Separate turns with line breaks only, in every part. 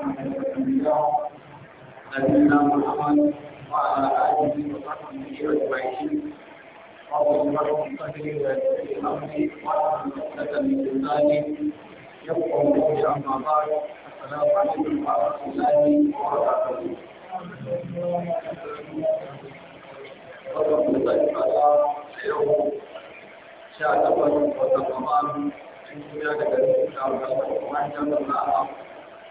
نبينا محمد وعلى آله وصحبه أجمعين رب اشرح لي صدري ويسر لي أمري واحلل عقدة من لساني يفقه قولي أما بعد السلام عليكم ورحمة الله وبركاته فضل الله تعالى اليوم شاء الله وتقام عندنا لك الإسلام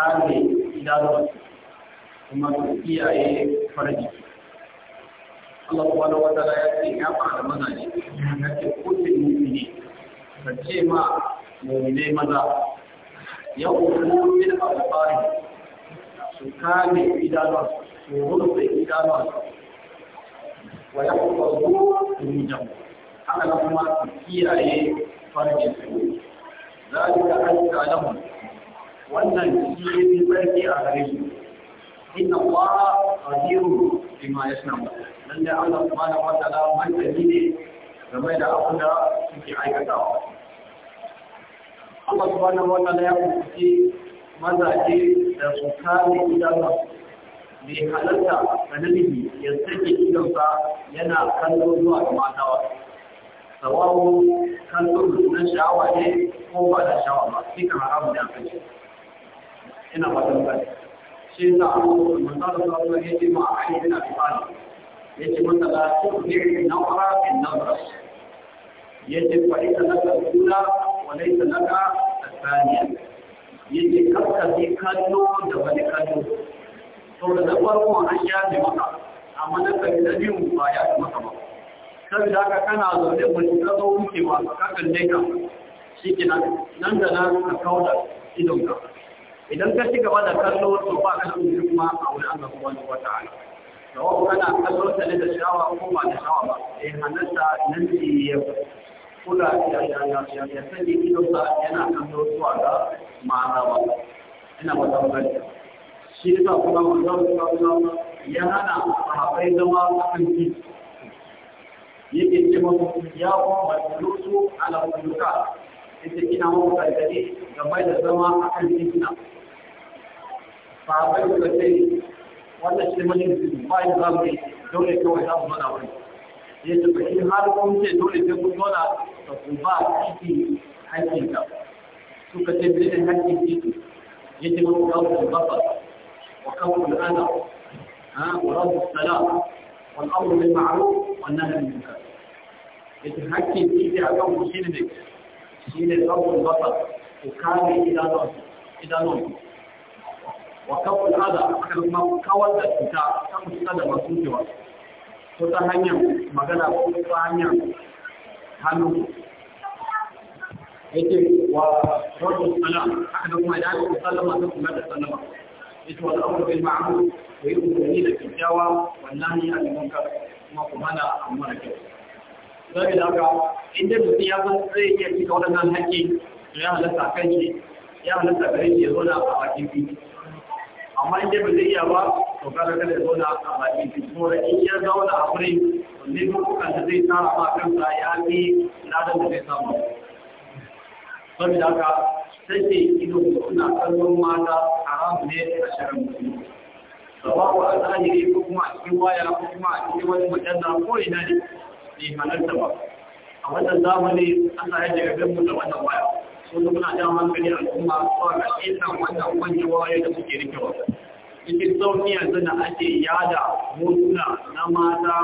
kare idanuwa kuma su kiyaye farji Allah subhanahu wa ta'ala ya ce ya fara maza ne ya ce kullum mu'mini ka ce ma mu'mine maza ya uku da al-qari su kame idanuwa su rufe idanuwa wa yaqulu wujuhum haka kuma su kiyaye farji su zalika an ta'lamu wannan shi ne tsarki a gare shi inna allaha qadirun bima yasna'u dan da Allah subhanahu wa ta'ala mai ne game da abin da suke aikatawa Allah subhanahu wa ta'ala ya kuci mazaje da su kare idanun bai halatta ga namiji ya sake idonsa yana kallo zuwa ga mata ba sawawo kallo na sha'awa ne ko ba da sha'awa ba duka haramu da kai ina fatan sai shi yasa manzo Allah ya yake ma Ali bin Abi Talib yake masa la tu'ti nawra bin nawra yake fa ita laka kula wa laysa laka tsaniya yake kakka sai kallo da wani kallo to da farko an yaje maka amma na kai da biyu ba ya maka ba saboda haka kana zaune wani ka wuce ba ka kalle ka shi kenan nan da nan ka kauda idonka idan ka ci gaba da kallo to ba ka cin girma a wurin Allah subhanahu wa ta'ala sawa kana kallo ta ne da shawa ko ba da shawa ba eh hannunsa nan ne ya
kula ya ya ya ya ya sani ido sa yana kallo zuwa ga
ma'ana ba ina ba ta magana shi ne ba kuma wannan ya hana sahabbai zama a kan titi yake ce masu ya kuma masu ala kuluka ita ina mamu gargaɗe bai da zama a kan na. sahabai da sai wannan shi mashi ba yi za mu yi dole kawai za mu zauna wani ya ce ba shi har kun ce dole sai kun zauna ba ku ba titi hakkin ka suka ce bai da hakkin titi ya ce ba ku za ku zafa wa kawo al'ada wa rabu salam والأمر بالمعروف والنهي عن المنكر يتحكم فيه shi شيء shi شيء الأمر البطل وكامل إلى نوم إلى نوم wa kawul adha kuma kawar da cuta ta musa da masu cewa ko ta hanyar magana ko ta hanyar hannu yake wa rabu salam haka da kuma idan aka sallama ta kuma da tsallama. ita wani wa al'amru bil ma'ruf wa yu'minu da kyakkyawa wallahi a cikin ka kuma kuma na amma da kyau sai da haka inda mutum ya san sai iya cika waɗannan haƙƙi to ya halatta kan shi ya halatta gare shi ya zo da a bakin fili amma in dai ba zai iya ba to kada kada ya zauna a baki shi kuma in ya zauna a wurin ne kan da zai tara kan sa ya fi ladan da zai samu saboda haka sai ke ido suna kallon mata haram ne a sharan musulmi sababu a zahiri ko kuma a cikin waya ko kuma a cikin wani mujalla ko ina ne ne halarta ba a wannan zamani ana yadda gaban mu da wannan waya sun muna jan hankali al'umma zuwa ga isan wannan kwanjewa yadda suke ba. cikin sauƙi yanzu da ake yada motuna na mata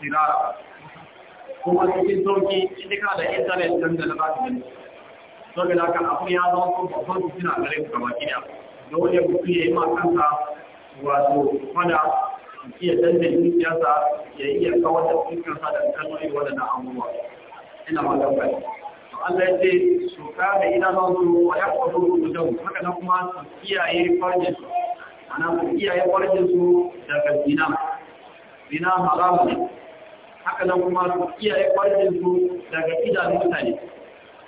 sirara kuma cikin sauƙi inda ka da intanet don da na za su gani saboda haka abu ya zama kuma babban su suna gare su gaba gida dole mutu ya yi ma kansa wato fada iya dandalin siyasa ya iya kawar da fuskarsa da kallon irin waɗannan abubuwa ina ma gaba Allah ya ce su kare idanunsu wa ya kwato rubutan haka kuma su su su su daga zina zina haka kuma su su daga idanun mutane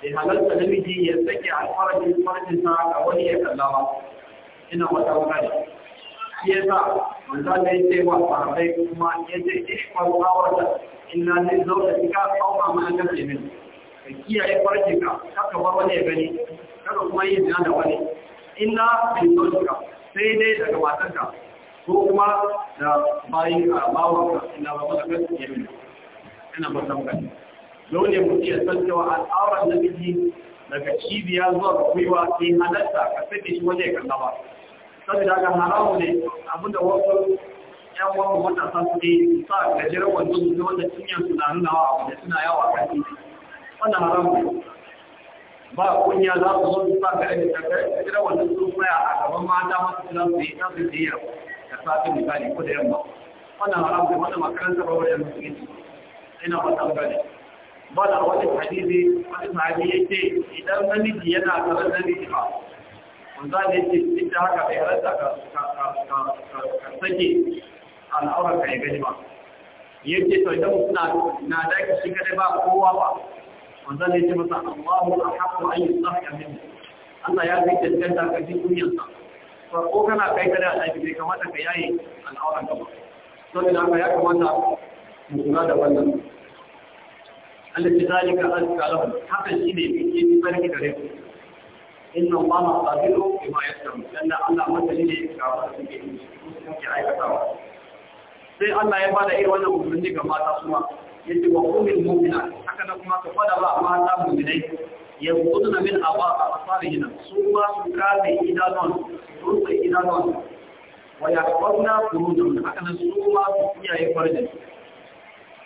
sai halarta namiji ya sake alfarjin farjin sa ga wani ya kalla ina wata wuka ne shi da sa manzo ne kuma ya ce ishfaru awata inna lillahi wa inna ilaihi ka kiyaye farji ka haka ba wani ya gani kada kuma yin zina da wani illa bin zauka sai dai daga matanka ko kuma da bayan ka a bawanka illa ba wanda kan ya bi ina ba san gani dole mu iya san cewa al'auran namiji daga cibiya zuwa ga gwiwa sai halatta ka sake shi waje ka ba saboda ga haramu ne abinda wasu yan wani matasa su ne sa gajeren wanzu ne wanda cinyar su na nunawa a wanda suna yawa kan titi wannan haramu ba kunya za su zo ba sa ka aiki ka kai kira wannan duk mai a gaban mata masu za su yi ta su jiya da safi misali ko da yamma wannan ne wannan makaranta ba wajen musulunci ina ba ta gane ba da wani hadisi wani sahabi yake idan namiji yana tare da namiji ba wanda ne ce duk da haka bai rasa ka sake al'aurar ka ya gani ba yake to idan na daki shi kada ba kowa ba wanzan ya ce masa Allahu ahqqu an yusafka min Allah ya fi tantanta ka ji kunyar sa to ko kana kai da Allah bai kamata ka yaye al'auran ka ba saboda haka ya kamata mu kula da wannan Allah ya zalika azka lahum haka shine yake sarki da rai inna Allah qadiru bima yastamu dan Allah madani ne ga wasu ke aikatawa sai Allah ya bada irin wannan umarni ga mata su ma Yadda wa ummul mu'mina haka na kuma ka fada ba mata mu'minai yanquduna min aba'a asarihin su ba su kafe idanon su rufe idanon wa yaqbuna furujun haka na su ma su kiyaye farjin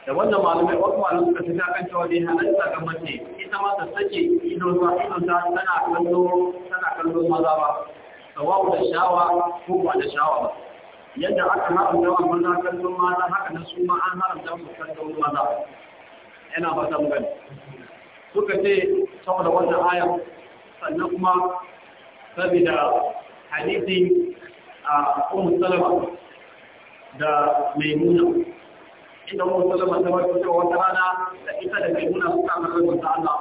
da wanda malamai wasu malamai suka fi kan cewa dai halatta ga mace ita ma ta sake ido zuwa ido ta tana kallo maza ba sawabu da shawa ko ba da shawa ba yadda aka haɗa yawan maza kallon mata haka na su ma an da musu kallon maza yana ba ta gani suka ce saboda wannan aya sannan kuma saboda hadisin a ummu salama da maimuna inda ummu salama ta wato cewa wata rana da ita da maimuna suka kan rabon ta Allah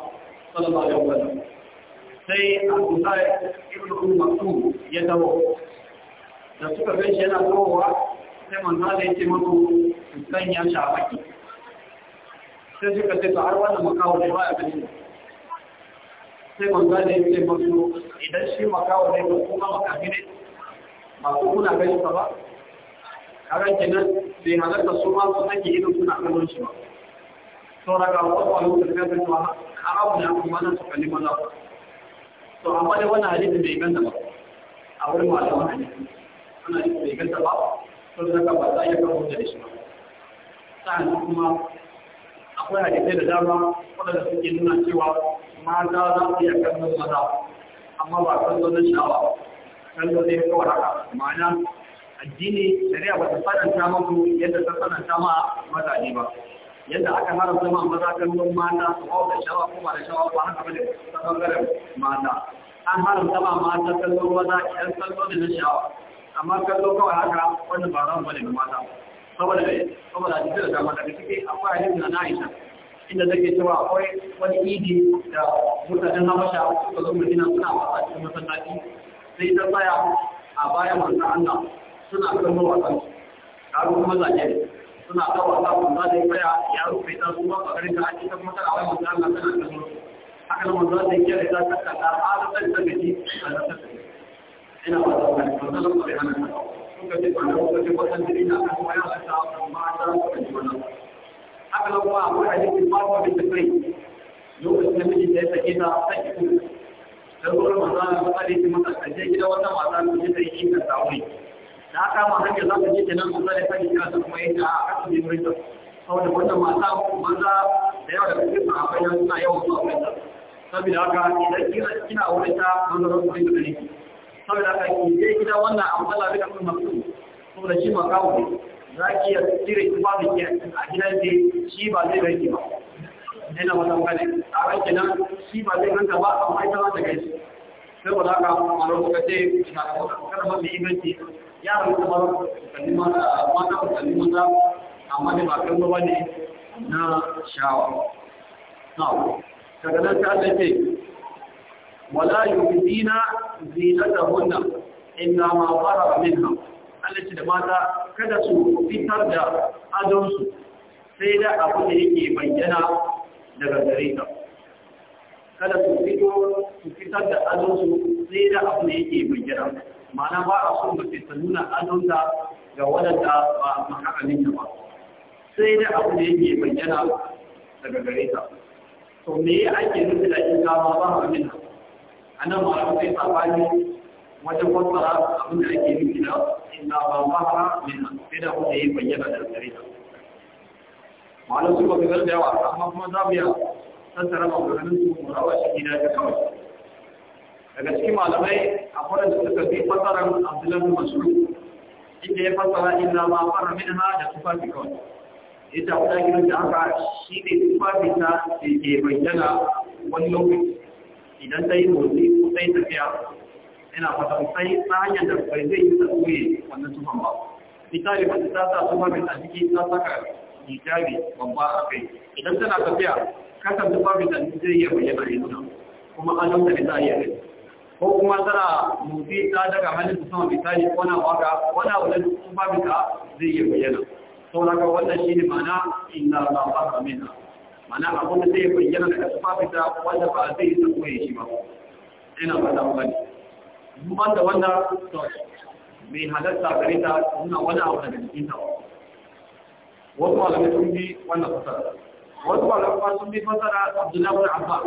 sallallahu alaihi wasallam sai a kusa Sa'id ibn Umar ya dawo da suka fi shi yana kowa sai manzo zai ya ce musu ya sanya a baki sai suka ce to har wannan makawo ne ba a gani sai manzo zai ya ce musu idan shi makawo ne ko kuma makafi ne ba ku kuna gani ta ba nan kenan bai halarta su ma su sake idan suna kallon shi ba to daga wasu alu da ta to haramu ne kuma nan su kalli maza to amma da wannan hadisi bai ganda ba a wurin malaman hadisi suna yin bai da ba sun zaka ba za a iya kawo da shi ba sa'an kuma akwai hadisai da dama waɗanda suke nuna cewa mata za su iya kallon maza amma ba kallon na shawa kallon ne kawai haka ma'ana addini shari'a ba ta sananta muku yadda ta sananta ma mazaje ba yadda aka haramta ma maza kallon mata su hau da shawa ko ba da shawa ba haka bane ta bangaren mata an haramta ma mata kallon maza idan kallon da na shawa amma kallo kawai haka wannan ba ran bane ga mata saboda ne saboda a cikin da mata da suke akwai na Aisha inda take cewa akwai wani idi da mutanen Habasha suka zo Madina suna fasa cikin masallaci sai ta tsaya a bayan manzon Allah suna kallo wa karu kuma zaje suna kawo ta kuma da tsaya ya rufe ta su ma bakarin ka a cikin mata a bayan manzon Allah tana kallo haka manzon da yake da ta kalla har sai ta gaji a
ina ba da wani wanda zan
kare hana suka ce ba da lokacin wasan jiri na kan kuma ya sa mata suka ji wannan haka nan kuma akwai da kai lokacin da miji ya sake ta na tsari ta mata ta je gida wata mata ta ta yi inda ta da aka ma hanyar za ta je ta nan ta kuma ya ta a kasu ne wurin ta saboda wata mata maza da yawa da cikin sahabbai suna yawan zuwa wurin ta saboda haka idan kina wurin ta manzaron ne saboda ka yi zai gida wannan amfala duka sun masu saboda shi ma kawo za ki iya cire shi ba ke a gidan ce shi ba zai ganki ba yana wata gane a ranki nan shi ba zai ganka ba amma ita za ta gaishe saboda haka a lokacin da ka ce kada mafi inganci yaran kuma kalli mata mata kalli mata amma ne ba kallo ba ne na shawa. nan ta ce wala yubdina zinatahunna illa ma zahara minha Allah ce da mata kada su fitar da adon su sai da abu da yake bayyana daga gare ta kada su fito su fitar da adon su sai da abu da yake bayyana ma'ana ba a son mace ta nuna adon ta ga wadanda ba makakamin ta ba sai da abu da yake bayyana daga gare ta to me ake nufi da in kama ba a minna a nan ma akwai sabani wajen fassara abin da ake nufi da inna ba fara min sai da kuma yi bayyana da gare ta malam su ba fitar da yawa amma kuma za mu yi tattara maganganun su mu rawa shi gida ta kawai daga cikin malamai akwai da suka fi fassarar abdullahi masuru inda ya fassara inna ma fara min ha da tufafi kawai ita kuma gidan da haka shi ne tufafi ta ke bayyana wani lokaci idan ta yi motsi ko yi tafiya ina fata sai ta hanyar da bai zai yi tsaye wannan tufan ba misali ba ta sa tufa mai a jiki ta saka hijabi babba a kai idan tana tafiya kasan tufa mai tafi zai iya bayyana a yanzu kuma an yanta da zai a iya ko kuma tana motsi ta daga hannun su sama misali wana waka wana wani tufa mai ta zai iya bayyana Sau ka wannan shi ne ma'ana inda ba ba ka mena mana abin da zai bayyana daga tufafita wanda ba zai yi koye shi ba ina fata ba ne ban da wanda to mai halatta gare ta suna wani abu daga cikin ta
wasu malamai sun
bi wannan fasara wasu malamai sun bi fasara abdullahi bin abbas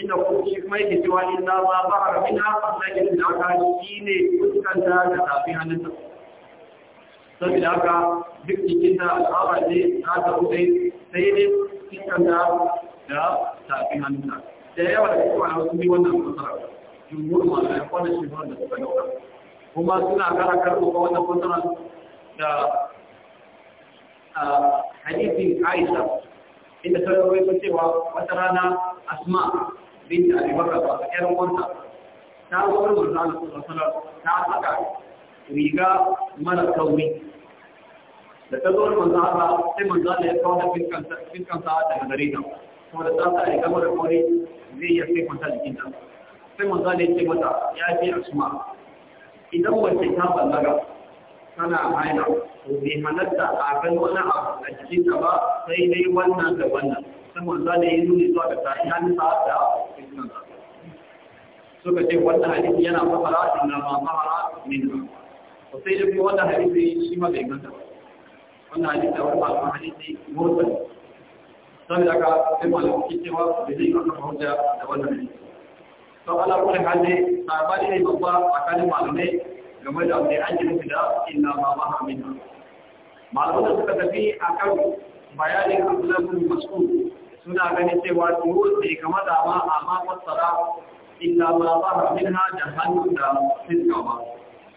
inda kuma shi kuma yake cewa inna ma ba'ara min hasan lakin da aka shine fuskanta da tafi hannunta saboda haka duk jikin da al'ada ne za ta rufe sai dai iskanda da tafi hannuna da yawa da kuma a wasu wannan fasara jumhur masu ya kwana shi wanda suka dauka kuma suna kara karɓo ba wannan fasara da hadisin aisha inda ta rawaito cewa wata rana asma bin abi bakar ba yar wanta ta zo wurin manzo ta saka riga mara kauri da ta zo manzo Allah sai manzo Allah ya kawo da fiskan sa fiskan sa daga gare ta saboda ta sa riga mara kore zai iya sai kwanta jikin ta sai manzo Allah ya ce mata ya ce asma idan wace ta ballaga tana haila to bai halatta a kan wani abu a cikin ta ba sai dai wannan da wannan sai manzo Allah ya nuni zuwa ga ta hanta da fiskan sa suka ce wannan hadisi yana fara inna ma fara min to sai dai wannan hadisi shi ma bai ganta ba wannan hadisi a wani malamin hadisi mursal sai da ka sai malamin ke cewa da zai aka hujja da wannan hadisi to ala kulli hali sabani ne babba a tsakanin malamai game da mai ake nufi da inna ma ma hamina malamin da suka tafi akan bayanin Abdullah bin Mas'ud suna ganin cewa dole sai kama da ma amma fassara inna ma ma hamina da hannu da fiska ba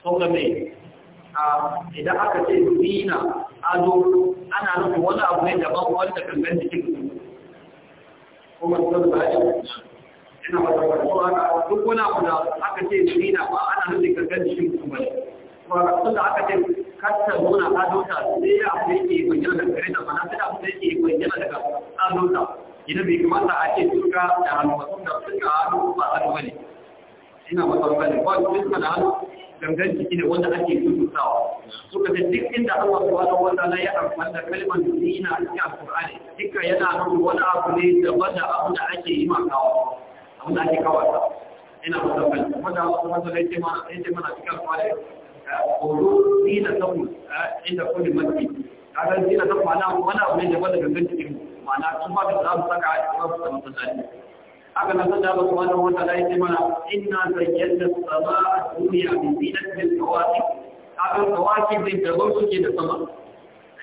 saboda mai idan aka ce zina ado ana nufin wani abu ne daban wanda gangan jikin kuma sun bayan ina wata duk wani abu da aka ce zina ba ana nufin gangan jikin kuma ba tun da aka ce kasta nuna adota sai da abu yake bayyana daga gare ta na sai da abu yake bayyana daga adota idan bai kamata a ce suka da hannu ba suka hannu ba hannu ba ne ina masa bane ba duk da hannu gangan jiki ne wanda ake tututawa suka ce duk inda Allah subhanahu wa ta'ala ya amfani da kalmar zina a cikin Al-Qur'ani duka yana nuna wani abu ne daban da abu da ake yi ma kawo abu da ake kawo ina masa bane wanda wanda yake ma yake mana cikin Al-Qur'ani eh, qulu zina takum eh, inda kulli masjid kaga zina takum ana wani abu ne wanda da gangan jiki ma'ana kuma da za mu saka a cikin masallaci haka nan sanda ba kuma da wata da yake mana inna zayyana sama a duniya bi zinatil kawaki haka kawaki din da ban suke da sama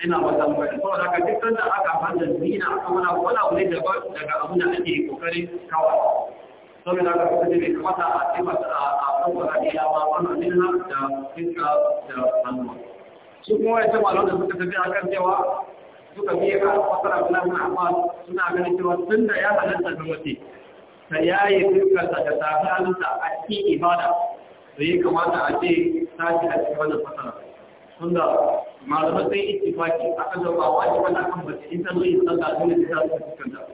ina wata mai So haka duk sanda aka fanda zina aka wani wala wani daga daga abin da ake kokarin kawa da haka kuma ne kamata a cikin masa a kan da ya ba wannan dinna da fiska da hannu su kuma ya ce malon suka tafi akan cewa suka biya ka fasara Abdullahi bin suna ganin cewa tunda ya halatta ga mace ta yaye fuskarsa da a cikin ibada da ya kamata a ce ta shi a cikin wannan fasara tunda malamai sai ittifaki aka ga ba wani wani kan bace in san zai in sallah dole ta zasu da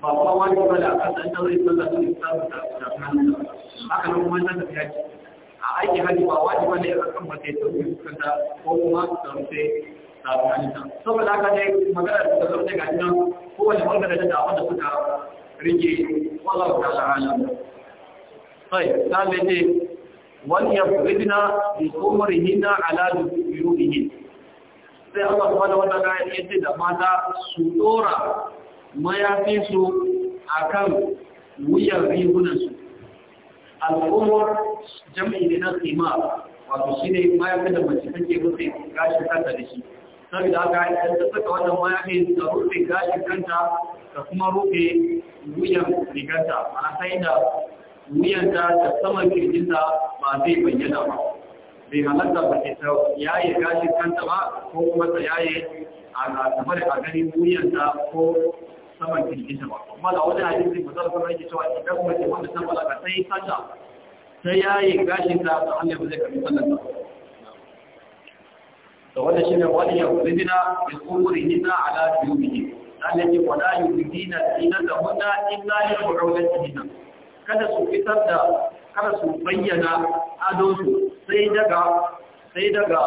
ba ba wani wani aka san ta zo in sallah dole ta zasu fuskanta haka nan kuma ta tafiya ce a aiki haji ba wani wani akan bace ta zo fuskanta ko kuma ta rufe saboda haka dai magana da ta zo daga gidan kowane bangare da da wanda suka rike wallahu ta'ala sai sai ne wal yafridna bi umrihinna ala duburihin sai Allah subhanahu wa ta'ala yace da mata su dora mayafi su akan wuyar rigunan su al'umur jam'i ne na qima wato shine mayafin da mace take rufe kanta da shi saboda haka idan ta saka wannan mayafin ta rufe gashin kanta ta kuma rufe wuyan riganta ana sai da wuyanta da saman kirjinta ba zai bayyana ba bai halatta ba ce ta yaye gashin kanta ba ko kuma ta yaye a kamar a gani wuyanta ko saman kirjinta ba kuma da wani hajji zai zai kuma yake cewa idan mace wanda ta balaga sai sata ta yaye gashin ta ta hanyar ba zai karbi sallar ta wanda shi ne wani ya rubina bi umurihinna ala jubihi Allah ya wala yubina dinan da hunna yi li bu'ulatihinna kada su fitar da kada su bayyana adon sai daga sai daga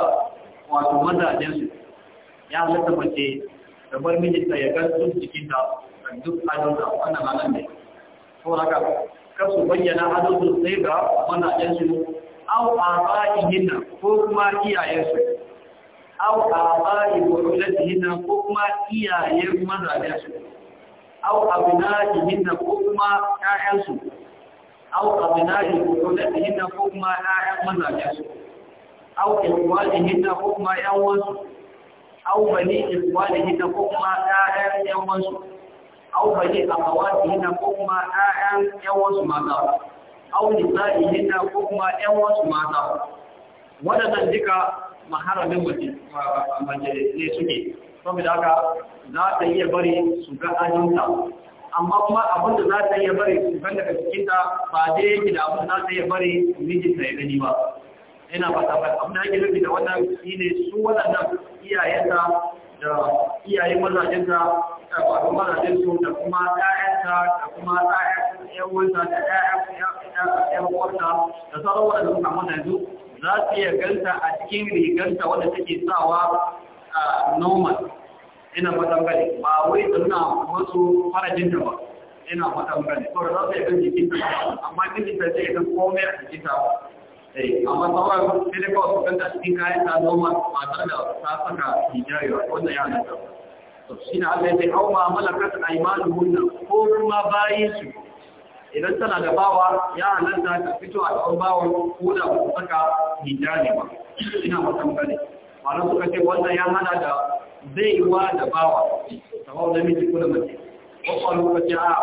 wato mazajen ya halatta mace da bar mijinta ya ga duk jikinta da duk adon da wannan halan ne saboda haka su bayyana adon sai ga mazajen su au abaihinna ko kuma iyayensu aw abai buhulatihinna ko kuma iyayen mazajen su aw abna'ihinna ko kuma ƴaƴan su
aw abna'i buhulatihinna
ko kuma ƴaƴan mazajen su aw ikwalihinna ko kuma ƴan wasu aw bani ikwalihinna ko kuma ƴaƴan ƴan wasu aw bani akhawatihinna ko kuma ƴaƴan ƴan wasu mata aw nisa'ihinna ko kuma ƴan wasu mata wadannan duka maharamin waje ne suke saboda haka za ta iya bari su ga ajinta amma kuma abinda za ta iya bari su ga daga cikinta ba dai yake da abin da za ta iya bari mijinta ya gani ba yana ba ta bai abin da ake nufi da wannan shi ne su waɗannan iyayenta da iyayen mazajenta da faɗin mazajensu da kuma ɗayanta da kuma ɗayan yawanta da ɗayan yawanta da sauran waɗanda suka mata yanzu za su iya ganta a cikin riganta wadda take sawa a normal ina fatan gani ba wai suna nuna masu farajin da ba ina fatan gani ko da za su iya ganta jikin amma jikin ta ce ita komai a jikin ta eh, amma sauran sai su ganta a cikin kayan ta normal ba tare da ta saka hijabi ba wanda ya to shi ne Allah ya ce hau ma malakat hunna ko kuma bayin su idan tana da bawa ya halatta ta fito a tsawon bawa ko da ba saka hijabi ba ina mutum bane malam suka ce wannan ya hada da zai wa da bawa tawo da miji ko mace ko kuma ce a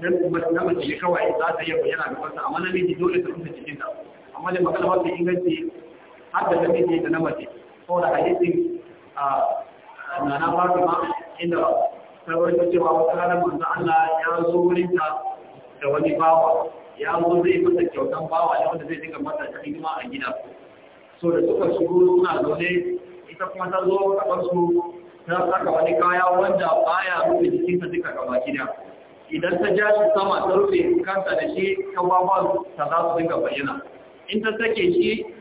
nan kuma na mace ne kawai za ta yi bayyana da kansa amma miji dole ta rufe cikin ta amma da magana wata inganci har da namiji da na mace da hadisin a nana fatima inda ta rawaito cewa wata ranar manzo Allah ya zo wurin ta da wani bawa ya zo zai masa kyautan bawa ne wanda zai dinga masa da hidima a gida so da suka shigo suna zaune ita kuma ta zo a su ta saka wani kaya wanda baya rufe jikinsa duka gaba gida idan ta ja shi sama ta rufe kanta da shi kababuwan ta za su dinga bayyana in ta sake shi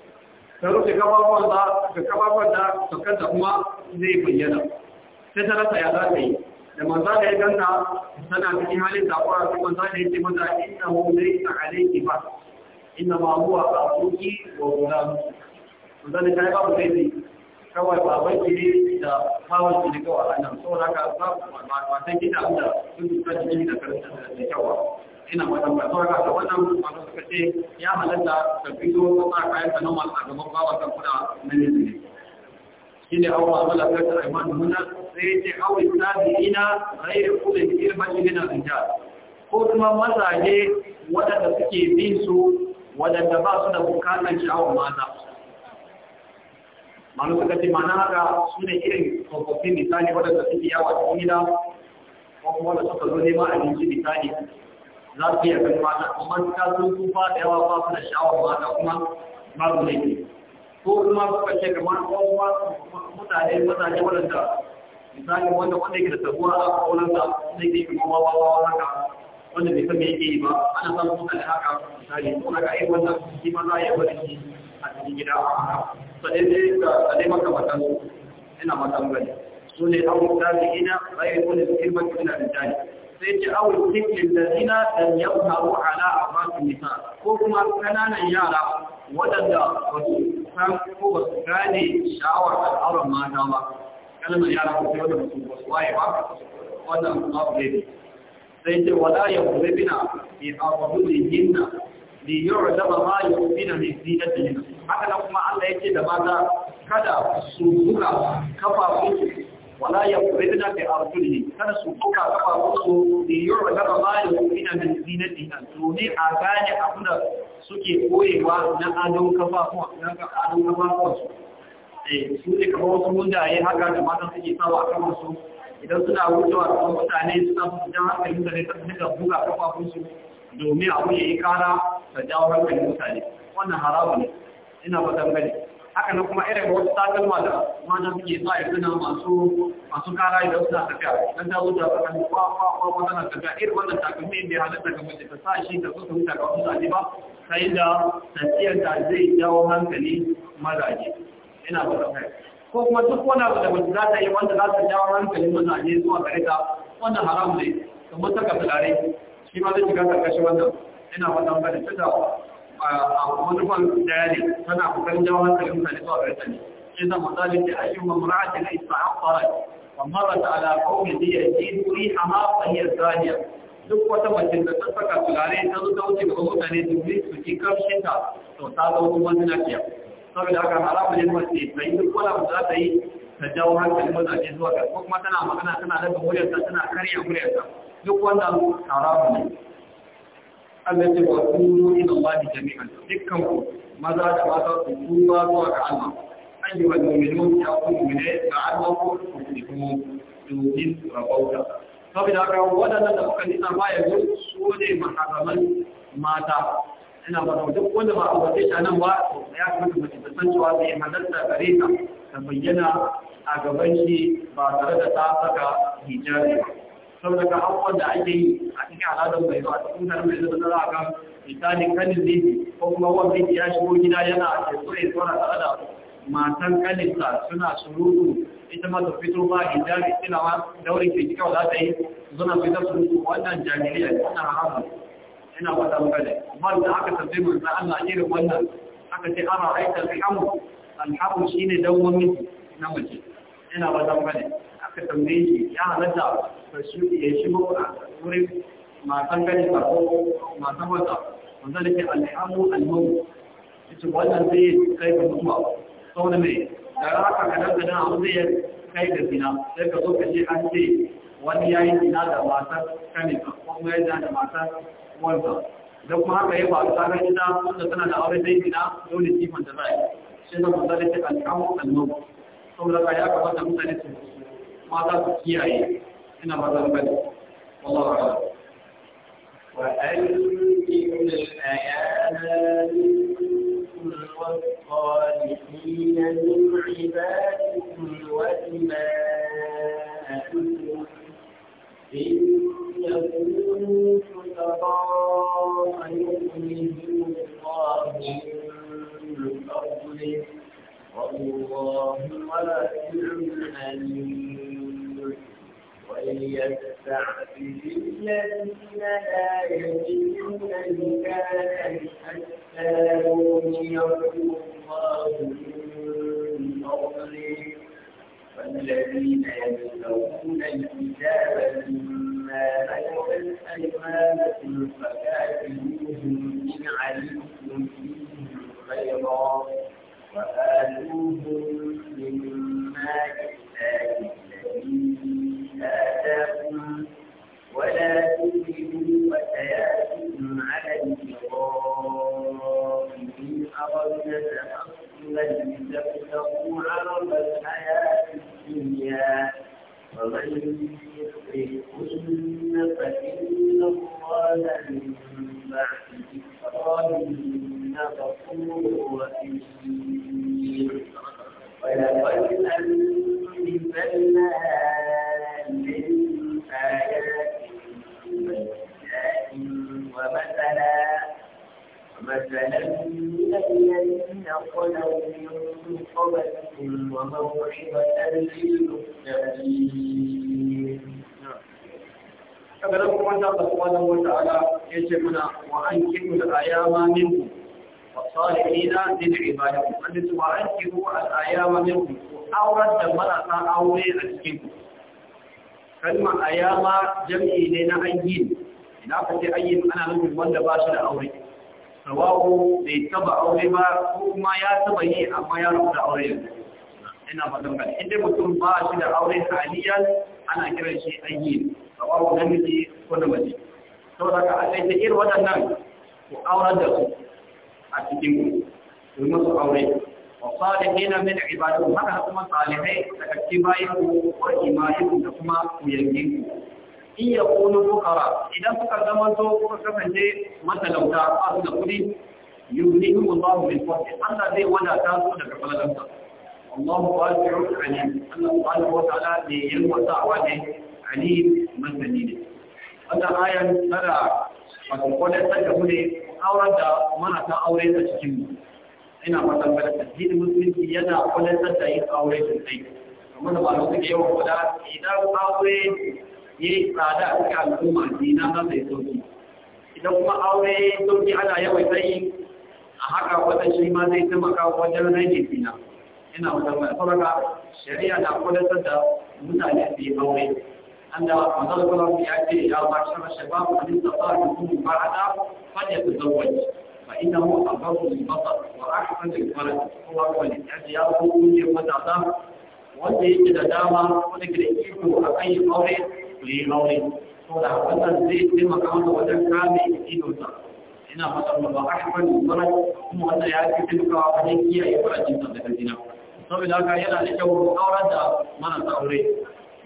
ta rufe kababuwan da ta kanta kuma zai bayyana sai ta rasa ya za ta yi da manza da ya ganta tana cikin halin takura sai manza da ya ce mata inna hu laysa alayki ba inna ma huwa abuki wa gulam manza da ta yi babu sai kawai baban ki da kawai ki ne kawai annan saboda haka ba san kida da sun tuka jini da karanta da kyawa ina wannan ba saboda haka wannan masu suka ce ya halatta ka fito ka sa kayan sanoma noma a gaban bawa kan kuna na ne ne shine awwa Allah ka tsara sai ya ce awai tabi'ina ghairu ulil irba min ar-rijal ko kuma mazaje waɗanda suke bin su waɗanda ba su da bukatan sha'awar mata manu suka ce mana haka su ne irin tsofaffin misali waɗanda suke yawa cikin gida ko kuma da suka zo neman abinci misali za su iya kan mata amma ta sun kufa da yawa ba su da sha'awar mata kuma babu ne ko kuma suka ce kamar kowa mutane mazaje waɗanda misali wanda wanda yake da sabuwa a kwakwalwarsa wanda yake yi kuma wawa haka wanda bai san me yake yi ba ana san su da haka misali ko haka ai wannan shi ma za a bari shi a cikin gida a haka so dai dai ka dai maka matan ina matan gani su ne abu da su ina bai ko ne su kirba ina da jani sai ce awu tikin da ina dan yabharu ala afasu nisa ko kuma kananan yara waɗanda ba su san ko ba su gane sha'awar al'auran mata ba kalmar ya rabu sai wanda mutum wasu su waye ba wannan abu ne sai ce wala ya kuma bina bi abudu jinna li yu'lama ma yu'minu min zinatihi haka nan kuma Allah ya ce da mata kada su buga kafafun su wala ya kuma bina bi abudu kada su buga kafafun su li yu'lama ma yu'minu min zinatihi domin a gane abu da suke koyewa na adon kafafun na adon kafafun su Eh, su ne kamar wasu mundaye haka da matan suke sawa a kamar su idan suna wucewa da mutane suna su jan hankalin mutane ta dinga buga kafafunsu domin abu ya yi kara da jawo hankali mutane wannan haramu ne ina ba dangane haka nan kuma irin wasu takalma da mata suke sa ya suna masu masu kara idan suna tafiya dan ta wuce ta kan kwa kwa kwa tana tafiya irin wannan takalmi ne halatta ga mace ta sa shi ta kusa wuta ga mutane ba sai da tafiyar da zai jawo hankali mazaje ina ba ta ko kuma duk wani abu da mace za ta yi wanda za ta jawo hankalin mutane zuwa gare ta wannan haram ne kamar saka fulare shi ma zai shiga karkashin wannan ina wannan bane tunda a manufan daya ne tana kokarin jawo hankalin mutane zuwa gare ta ne shi zama zalin da ashin mamurati na ista'afara ومرت على قوم يجد ريحها فهي الزانية duk wata mace da ta saka turare ta zo ta wuce ga mutane domin su ji karshen ta to ta zo kuma lafiya saboda haka haramun ne mace ta yi duk wani abu za ta yi ta jawo hankalin mazaje zuwa ga ko kuma tana magana tana daga muryarta tana karya muryarta duk wannan haramun ne Allah ce wa kuru ila Allah jami'an dukkan ku maza da mata ku tuba zuwa ga Allah ayyuhal mu'minun ya ku mu'mine ga Allah ku tuba domin rabauta saboda haka waɗannan da kuka nisa ba yanzu su ne mahazaman mata ina ba duk wanda ba a wace shi nan ba ya kamata mace ta san cewa zai halarta gare ta ta bayyana a gaban shi ba tare da ta saka hijabi ba saboda daga abubuwan da ake yi a cikin al'adar mai zuwa cikin karin mai zuwa zara kan misali kanin zai ko kuma wanda ya shigo gida yana a ke so ya tsora tare da matan kaninsa suna surutu ita ma ta fito ba hijabi ina ma daurin ke kika za ta yi suna fitar surutu wannan a wannan haramun ina wata da aka tambaye manzo Allah irin wannan aka ce ara aita alhamu alhamu shine dawwami na mace ina wata aka tambaye shi ya halatta ba shi ya shigo a wurin wata wanda ke ita wannan kai mutuwa sau da mai da haka kadan kadan abu zai kai ga zina sai ka zo ka ce an ce wani zina da matar ko da matar uwarsa idan kuma haka ya faru ta gani da wanda tana da aure sai gida dole kiman da za a yi shi zan musa da ta alkawo kalmau saboda ka ya kamata mutane su mata su kiyaye ina ba zan bane wallahu a'lam وأنكحوا الأيام منكم والصالحين من عبادكم وإماءكم إن يكونوا الله الله من فضله والله واسع عليم وإن يستعفف الذين لا يجدون نكاحا حتى يغنيهم الله من فضله والذين يبتغون الكتاب من آمنوا من أيمانكم فكاتبوهم إن علمتم فيهم خيرا وآتوهم مما لله الذي آتاكم ولا تجدوا وسياتكم على الفراق إن أردنا تحصنا لتبتغوا عرض الحياة الدنيا ومن يشركهن فإن الله من بعد إكراههن غفور رحيم ولقد أنزلنا من آيات ومثلا مثلا الذين خلوا من قبلهم وموعظة للمتقين kaga da kuma Allah subhanahu wa ta'ala yace muna wa an kimu da ayama minkum wasalihina lil ibadati wanda su wa an kimu al ayama minkum aurat da marasa aure a cikin ku kalma ayama jam'i ne na ayyin idan ka ce ayyin ana nufin wanda ba shi da aure sawa'u bai taba aure ba ko kuma ya taba yi amma ya rubuta aure yanzu ina fatan ka inda mutum ba shi da aure ta haliyan ana kiran shi ayyi sawa'u namiji ko na mace saboda ka a kai da irin waɗannan ku aurar da su a cikin ku domin su aure wa salihina min ibadu haka kuma salihai daga cikin bayan ku wa imanikum da kuma ku yankin ku in ya kunu fukara idan suka zama to kuma kasance matalauta ba su da kuɗi yunihim Allah min fadli Allah zai wadata su daga falalansa Allah wasi'un alim Allah subhanahu wata ala ne yalwata wa ne alim masani ne wannan ayan tana wato ta da mu ne aurar da mana ta aure ta cikin mu ina fatan kada addinin musulunci yana kwadatar da yin aure sosai kamar da malamai suke yawan kwada idan aure ya yi tsada a cikin al'umma zina na mai sauki idan kuma aure sauki ana yawan sai a haka wata shi ma zai taimaka wajen rage zina ina wata mai sauraka shari'a na kwadatar da mutane su yi aure an da mazal kwalar ya ce ya ba shi rashe ba mu halitta ba da ba a da fadda su zawwaci fa ina mu a ba su basa wa a kan da kwalar kowa kwalar ya ce ya kuma ne matasa wanda yake da dama wanda ke da iko a kan yin aure ku yi aure to da wannan zai taimaka masa wajen kame idonsa ina fatan ba ahmad barat kuma wannan ya fi taimakawa wajen kiyaye farajin sa daga zina saboda haka yana da kyau auren da mana aure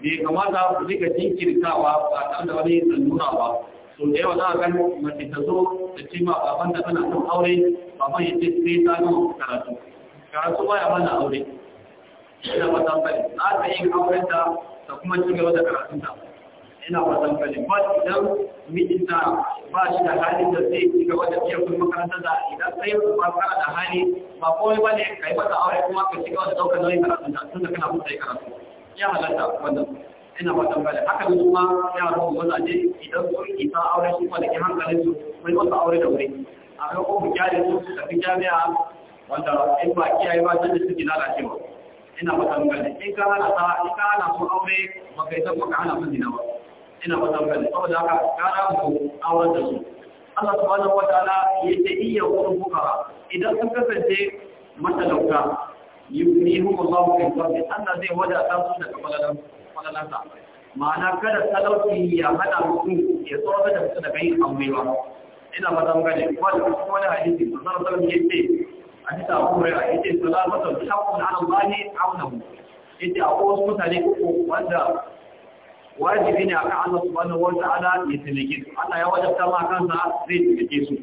bai kamata ku rika jinkirtawa ba tare da wani tsannura ba so da yawa za a gan mace ta zo da ce ma baban da tana son aure baban ya ce sai ta gama karatu karatu baya mana aure ina ba ta bari za ta yi auren ta ta kuma ci gaba da karatunta ina wasan ba idan mijinta ba shi da hali da zai yi ga wata biyan kuma makaranta da idan sai ba kana da hali ba komai ba ne ka yi mata aure kuma ka shiga wata da ɗaukar nauyin karatu da tun da kana kusa yi karatu ya halatta wannan ina wasan kalifat haka ne kuma ya rubu mazaje idan yi ta aure su kwanaki hankalin su mai wata aure da wuri a kan ko bukiyar su su tafi jami'a wanda in ba kiyaye ba tun da suke lalacewa ina wasan kalifat in ka hana ta in ka hana su aure ba kai ba ka hana su dinawa ina wata gani saboda haka kada mu auren da su Allah subhanahu wataala yace iya wurin bukara idan sun kasance matalauta yunihum Allahu min fadli Allah zai wadata su daga falalan falalansa ma'ana kada talauci ya hada mutum ya tsoka da su daga yin aure ba ina ba zan gane da kuma wani hadisi da zarar yace a cikin abubuwa yace salatu haqqun ala Allah aw yace akwai wasu mutane ko wanda wajibi ne a kan Allah subhanahu ta'ala ya taimake su Allah ya wajabta ma kansa zai taimake su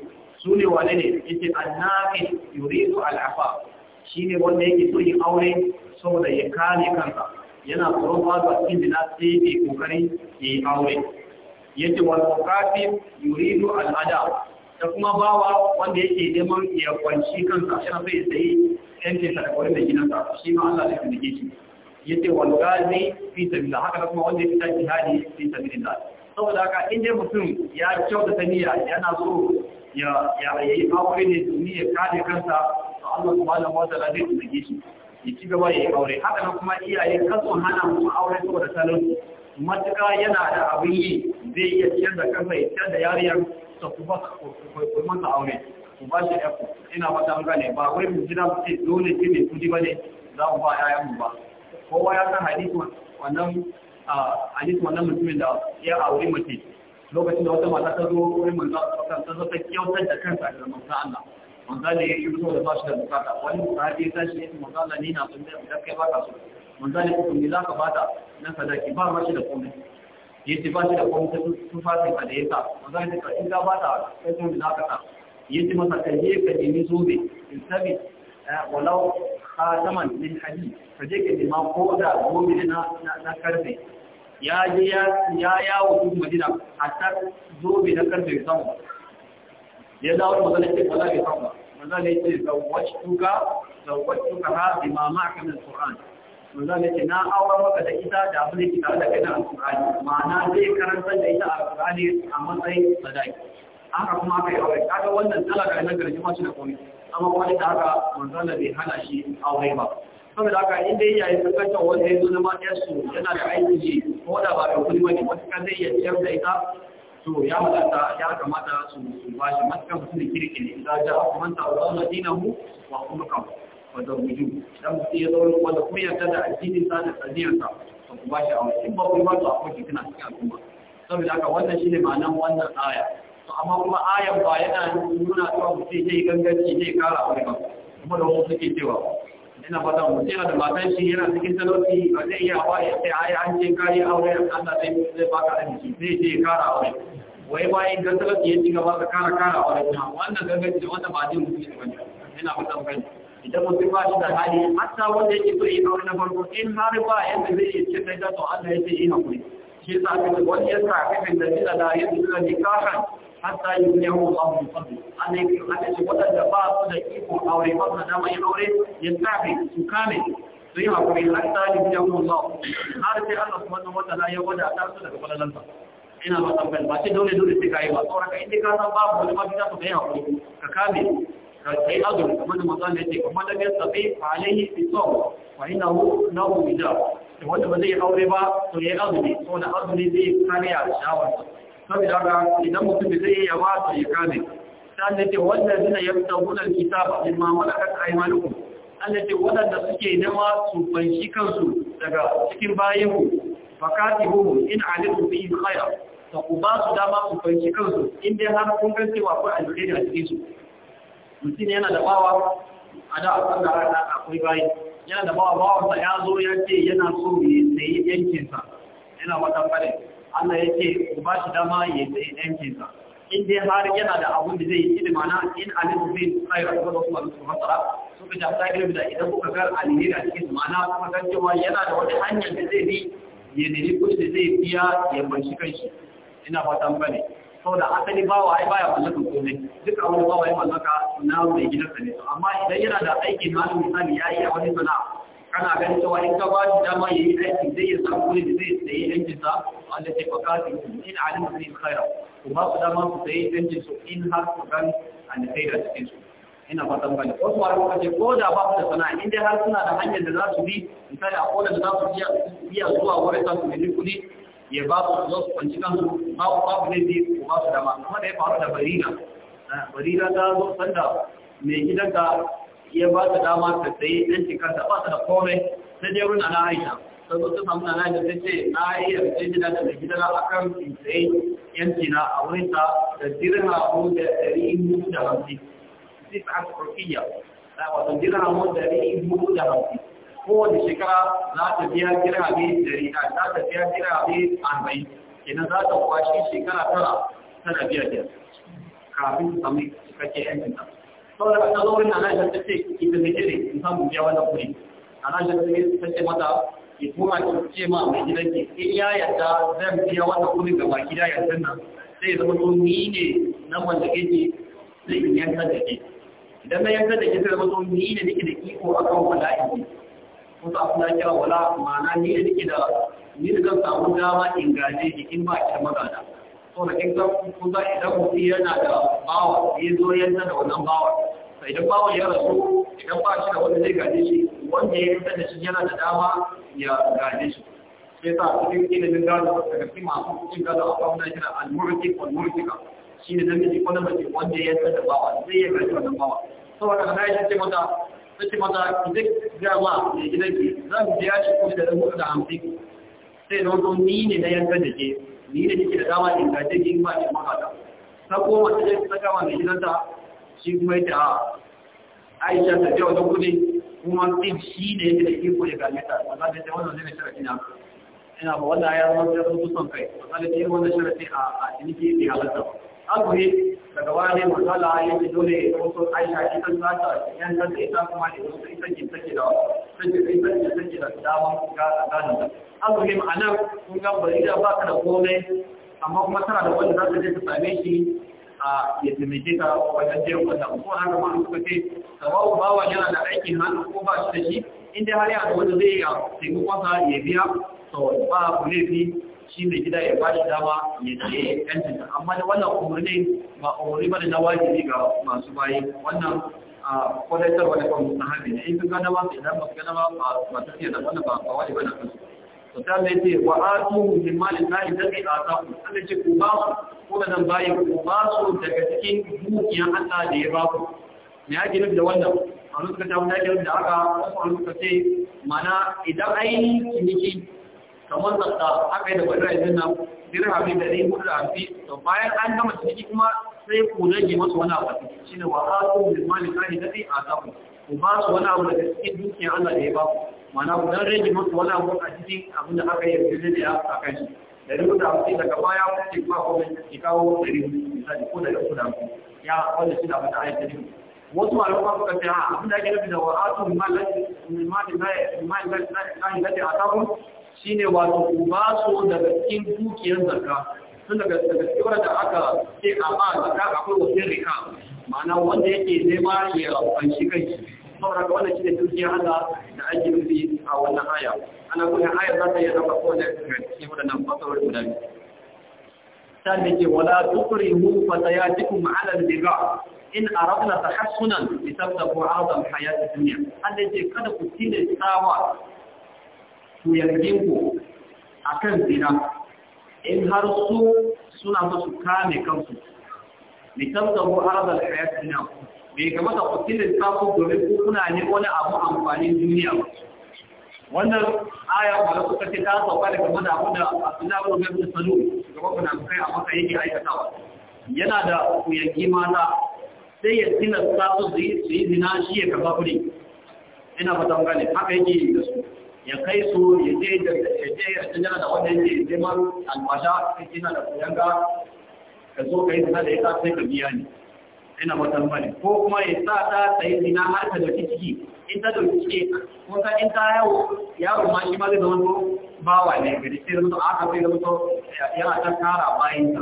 su ne wane ne yake annabi yuridu al'afa shine wanda yake so yin aure saboda ya kare kansa yana tsoron cikin izina sai ya kokari ya yi aure yake wal muqatil yuridu al'ada da kuma bawa wanda yake neman ya kwanci kansa yana sai ya sayi yanke sa da kwarin da gidansa shi ma Allah ya taimake shi yace walgazi fi sabilillah haka kuma wanda ya fita jihadi fi sabilillah saboda haka in dai mutum ya da taniya yana so ya ya yi aure ne ni ya kare kansa to Allah subhanahu wa ta'ala zai tsige shi ya ci gaba ya yi aure haka kuma iyaye kaso hana mu aure saboda talauci matuka yana da abin yi zai iya ciyar da kansa ya ciyar da yariyar ta kuma masa aure ku ba shi ina wata gane ba wai mu jira ce dole ce mai kudi ba ne za mu ba 'ya'yanmu ba kowa ya san hadisin wannan wannan mutumin da ya aure mace lokacin da wata mata ta zo wurin manzo ta zo ta kyautar da kanta ga manzo Allah manzo ne ya shigo da bashi da bukata wani sahabi ya tashi ya ce manzo Allah ni na son da idan kai baka so manzo ne kuma ni zaka bata na sadaki ba mashi da komai yace ba shi da komai ta fasin ka da yasa manzo ne ka in ka bata sai kuma zaka ta ce masa kai ka nemi zobe in sabi walau khataman min hadid ka je ka nema ko da gobe na na karfe ya je ya ya yawo duk madina hatta zobe na karfe samu ya dawo da mazalin ce wala bai samu ba mazalin ce zawwajtuka zawwajtuka ha bi ma ma'aka quran alquran mazalin ce na awar maka da ita da abin da ke tare da kai na alqurani ma'ana zai karanta da ita a alqurani a matsayin sadaki haka kuma aka yi aure kaga wannan talaka na garji ma shi da komai amma kuma da haka manzana bai hana shi aure ba saboda haka inda yayi fuskantar wanda ya zo na matarsu yana da aiki ji ko da ba da kudi wata kan zai iya ciyar da ita to ya halatta ya kamata su su ba shi matuka mutum da kirki ne da ja kuma ta zauna dinahu wa kuma kawo wanda wuju dan mutum ya zauna wanda kuma yarda da addinin sa da tsadiyarsa to ku ba shi aure in ba ku ba to akwai kina cikin al'umma saboda haka wannan shine ma'anar wannan aya amma kuma ayan ba yana nuna cewa mutum zai ganganci zai kara aure ba kuma da wasu suke cewa ina fata mutum yana da matan shi yana cikin talauci ba zai iya ba ya sai ayi an ce kari aure Allah zai zai baka miki. zai je kara aure wai bayan ga talauci ya ci gaba ka kara kara aure kuma wannan ganganci da wannan ba zai mutum ba ne ina fata mutum idan mutum ba shi da hali hatta wanda yake so yi aure na farko in har ba yadda zai iya ce sai da to Allah ya ce yi hakuri shi yasa aka wani yasa kafin da shi da yadda suka nikahan hatta yi ne yawon abu fadu an yi hada shi waɗanda ba su da iko aure ba su da dama yin aure ya tafi su kame su yi hakuri hatta yi ne yawon abu har sai allah su wannan wata na yawon da ta su daga falalanta ina ba tambayar ba ce dole dole sai ka yi ba saboda ka inda ka san babu wani mafita su kai hakuri ka kame ka yi azumi kamar da mazan da ya ce da ya tsabe fa fi tsawo fa ina hu na hu wanda ba zai aure ba to ya yi azumi saboda azumi zai kariya shawarsa saboda ga idan mutum zai iya ba su ya kame sannan ce wanda zina ya fita wunan kitab in ma malakar aimanukum sannan ce waɗanda suke nama su banshi kansu daga cikin bayanku fakatihu in alifu fi khayr to ku ba su dama ku fanci kansu in dai har kun ga cewa akwai alheri a cikin su mutum yana da bawa a da akan da rana akwai bayi yana da bawa bawa sa ya zo ya ce yana so ya sayi yankin sa yana wata fare Allah ya ce ku ba shi dama ya tsaye yankin sa in dai har yana da abun da zai yi ilima na in alifu bin khairu wa rasul Allah masara suka ta ta da idan kuka ga alheri a cikin mana kuma kan cewa yana da wani hanyar da zai bi ya nemi kuɗi da zai biya ya banshi kanshi ina fatan bane saboda asali bawa ai baya mallaka ne, duk abun da bawa ya mallaka na mai gidansa ne amma idan yana da aikin hannu misali ya yi a wani sana'a kana ganin cewa in ka ba shi dama ya yi aiki zai yi samu ne zai sayi yankin sa wanda ke fakati in alim zai khaira ku ba su dama su sayi yankin su in har su gan alkhaira cikin su ina fatan bane wasu wani kuka ko da ba su da sana'a in dai har suna da hanyar da za su bi misali a kodan da za su iya zuwa wurin sa su nemi kuɗi ya ba su zo su kwanci su? ba ku babu ne zai ku ba su dama kuma da ya faru da barira ah, barira ta zo sanda mai ka. ya ba ta dama ta sayi ɗan cikar ta ba ta da kome sai dai runa na aisha ta zo ta samu na aisha ta ce na iya sai gida da gida na akan tsaye yanci na a wurin ta da mu da ɗari mu da hamsin sai ta haka wata wato mu da ɗari mu da ko wani shekara za ta biya dirhami ɗari za ta biya dirhami arba'in kenan za ta kwashi shekara tara tana biya biyar kafin sami cikakken ta saboda ka zo wurin ana ta ce ki da miji ne in samu biya wannan kuɗi ana ta ce ta ce mata ki kuma ki ce ma mai gidan ki in eh, ya yarda zan biya wannan kuɗi ga baki da yarda nan sai ya zama to ni ne na wanda kake zai in yanka da ke idan na yanka da ke sai zama to ni ne nake da iko a akan wanda ake kusa kuma kira wala ma'ana ni ne nake da ni da zan samu dama in gaje ki in ba ki da magana so da in zan kuza idan mutum yana da bawa ya zo yanta da wannan bawa sai idan bawa ya rasu idan ba shi da wanda zai shi wanda ya yanta da shi yana da dama ya gaje shi sai sa cikin ilimin gado daga cikin masu cikin gado a kwamna kira al ko wal murtika shi ne namiji ko namiji wanda ya yanta da bawa zai ya gaje wannan bawa saboda na yi ce mata sai mata duk gama mai gidanki zan biya shi kuma da rubuta da hamsin sai na wato ni ne na yankan da ke ni da nake da dama in gaje ki ba ki maka ta ko wata da ta kama mai gidanta shi kuma da Aisha ta je wajen kudi kuma din shi ne yake da iko ya gaje ta wannan da wannan ne sharafi na ina ba wannan ya zama sai sun son kai wannan da wannan sharafi a a ciniki da halatta azumi daga wani matsala ya ce dole ya wasu aisha ita za ta yan ta ita kuma ne wasu ita ke take da take ita ke take da dama ga tsakanin ta azumi ma'anar kun ga bari da ba ka da komai amma kuma tana da wanda za ta je ta same shi a ya taimake ta wajen jiyan wannan ko haka ma suka ce ba bawa yana da aikin hannu ko ba shi da shi inda har yana da wanda zai iya taimakon sa ya biya to ba ku laifi shi mai gida ya ba da dama ya tsaye yancinta amma da wannan umarni ba umarni ba da na wajibi ga masu bayi wannan a kwadatar wani kwan musahabi ne yankin gana ba su idan ba su gana ba ba su fiye da wannan ba ba wani ba na kansu to ta mai ce wa a su min malin na idan ne a ta ku sannan ce ku ba su ko da zan bayi ku ba su daga cikin dukiyan allah da ya ba ku me ake nufi da wannan a lokacin ta wani ake nufi da haka wasu a ce mana idan ainihin ciniki kamar ta haka yi da bari rajin nan dirhami da ɗari hudu da hamsi to bayan an gama ciki kuma sai ku rage masu wani abu shi ne wa hasu bilmani kari da zai a zaku ku ba su wani abu da cikin dukiyar allah da ya ba ku mana ku dan rage masu wani abu a cikin abin da aka yi yarda da ya a kan shi ɗari hudu da hamsi daga baya ku ce ba ku ki kawo ɗari hudu misali ko daga kuɗa ya wanda shi da abin da a yi ɗari hudu wasu al'umma suka ce a abin da ake nufi da wa hasu bilmani kari da zai a zaku Shi ne wato ku ba su daga cikin dukiyar zakka tun daga daga da aka ce a ba a akwai wasu rika ma'ana wanda yake nema ya fanshi kai saboda wannan shine dukiyar Allah da ake nufi a wannan haya. ana kuma haya za ta yi rafa ko da cikin wadannan fasawar guda biyu ta ne ke wala tukrihu fatayatikum ala al-biga in aradna tahassunan litabtahu 'arda al-hayat ad-dunya Allah ce kada ku tilastawa su yarge ku a kan zina in har su suna so su kame kansu litan da arzal hayat dina bai gaba da kutilin taku domin ku kuna ne wani abu amfanin duniya ba wannan aya ba kuka ce ta sauka daga wani abu da Abdullah bin Ubay bin Salul gaba kuna kai a maka yake aikatawa yana da kuyanki mata sai ya tilasta su su yi zina shi ya karba kuɗi ina fata gane haka yake da su ya kai su ya je da ya je ya tana da wanda yake neman albasha kake na da kuyanga ka zo kai zina da ita sai ka biya ni ina watan bane ko kuma ya sa ta ta yi zina har ka dauki ciki in ta dauki ciki kun san in ta yawo yaro ma shi ma zai zama to bawa ne gari sai zama to aka sai zama to yana ta kara bayan ta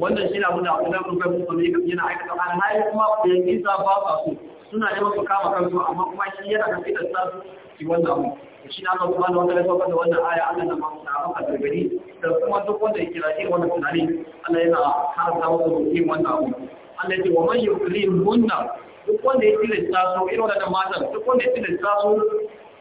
wannan shi na muna kuna kun kai mutum ne yana aikata alhali kuma kuyan kisa ba sa so suna neman su kama kansu amma kuma shi yana da fitar sa shi wannan abu shi na Allah subhanahu wa ta'ala saukar da wannan aya Allah na masu sahabban a gargari da kuma duk wanda ya kira irin wannan tunani Allah yana haramta musu yin wannan abu Allah ya ce wa man yukrim munna duk wanda ya tilasta su irin wannan matan duk wanda ya tilasta su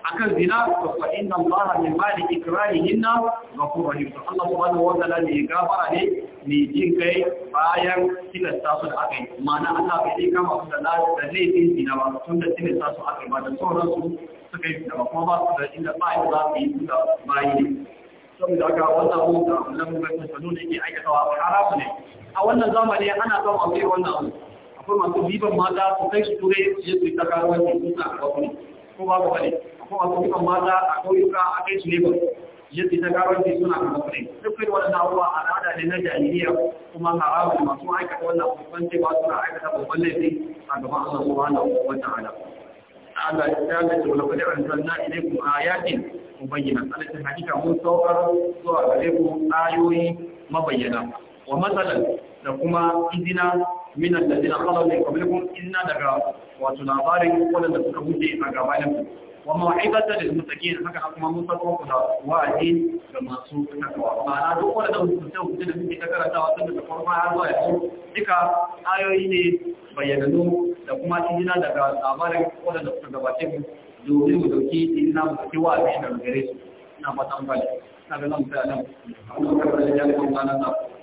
akan zina fa inna Allah min ba'di ikrahihinna ghafurur rahim Allah subhanahu wa ta'ala ne gafara ne ne jin kai bayan tilasta su da aka yi ma'ana Allah bai dai kama su da laifin zina ba tun da tilasta su aka yi ba da sauran su suka yi da kuma ba su da inda ba yi za su yi da yi ne saboda haka wannan abu da lamun bai tsano ne ke aikatawa haramu ne a wannan zamani ana son a kai wannan abu akwai masu biban mata su kai su ture su je su yi ta karuwanci su na karuwanci ko babu bane ko a kuma mata a kauyuka a kai su ne ba yadda ta karanci suna da mutane dukkan wannan abubuwa al'ada ne na jahiliya kuma haramun masu aikata wannan babban cewa suna aikata babban laifi a gaban Allah subhanahu wa ta'ala Allah ya tsaya da wala kada an sanna ilaikum ayatin mubayyana alaka hakika mun saukar zuwa gare ku ayoyi mabayyana wa matsalan da kuma izina minan da zina kalar da kwamilikun izina daga wato labarin waɗanda suka wuce a gabanin wa ma'aikata da mutake haka na kuma sako kuma da wa'adi ga masu takawa ma'ana duk waɗanda hukunce hukunce da suke karantawa tun da farko har zuwa yanzu duka ayoyi ne bayyananu da kuma izina daga labarin waɗanda suka gabace mu domin mu dauki izina mu dauki wa'adi daga gare su ina fatan bane na ga nan mutane a kuma karɓar da jami'an ranar zafi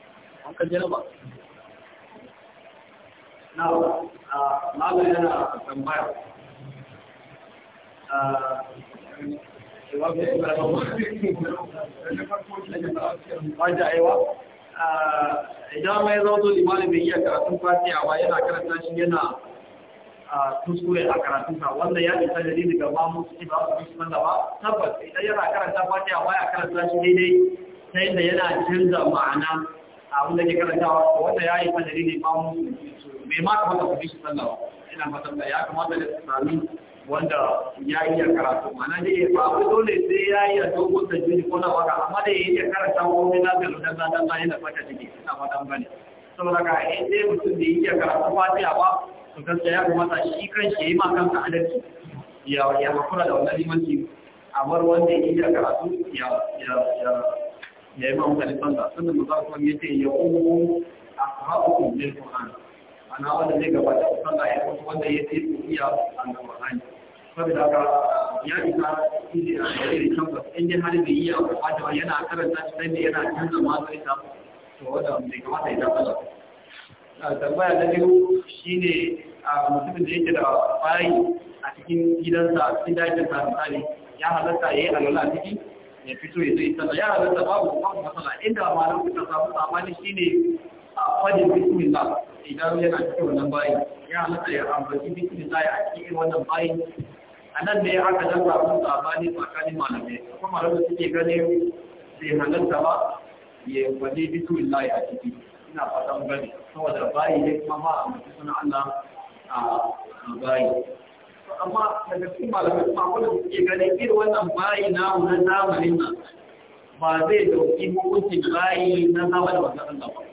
wankan janaba na uh, malam yana tambaya uh, wajen aiwa uh, idan mai zauto limanin bai iya karatun fatiha ba yana karanta shi yana kuskure a karatunsa wanda ya isa da daga ba musu ba su bi suna ba tabbas idan yana karanta fatiha ba ya karanta shi daidai ta yadda yana canza ma'ana abin da ke karantawa wanda ya yi fadari ne mamu mai mata kamata ku bi shi sallah ina fatan da ya kamata da sami wanda ya yi ya karatu mana ne ba ku dole sai ya yi ya dogon tajiri ko na waka amma da ya yi ya karanta wani na da ludan na dan yana fata jiki ina fatan bane saboda ka eh sai mutum da yi ya karatu fatiha ba to gaskiya ya kamata shi kan shi ya yi ma kansa adalci ya ya hakura da wannan limanci a bar wanda ya yi ya karatu ya ya ya yi ma'amfani sallah sannan mu yake ya ce ya umu a sahabu bil qur'an ana wanda zai gabata da sallah ya kuma wanda ya ce ku iya al-qur'an da ka ya isa shi a cikin tabbas in dai har bai yi a fata yana karanta shi sai yana canza masu ita to wanda bai kamata ya tabbata tambaya na biyu shine a mutumin da yake da bayi a cikin gidansa cikin dakin sa misali ya halatta ya yi a ciki ya fito ya zai sallah ya halatta babu babu matsala inda malam kuka samu sabani shine a fadin bismillah idan yana cikin wannan bayi ya halatta ya ambaci bismillah a cikin wannan bayi a nan ne aka dan samu sabani tsakanin malamai kuma malamai suke gane bai halatta ba ya fadi a ciki ina fatan gani saboda bayi ne kuma ba a mutu suna Allah a bayi amma daga cikin malamai ma wanda suke ganin irin wannan bayi na na zamanin nan ba zai dauki hukuncin bayi na zamanin manzon Allah ba